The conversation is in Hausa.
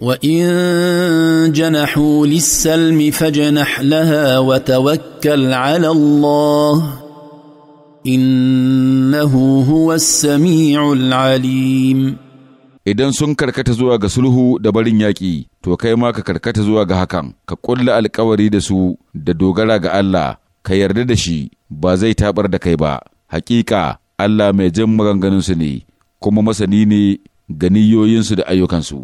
وان جنحوا للسلم فجنح لها وتوكل على الله انه هو السميع العليم idan sun karkata zuwa ga sulhu da barin yaƙi to kai ma ka karkata zuwa ga hakan ka ƙulla alkawari da su da dogara ga Allah ka yarda da shi ba zai taɓar da kai ba Haƙiƙa Allah mai jin maganganunsu ne kuma masani ne ga niyoyinsu da ayyukansu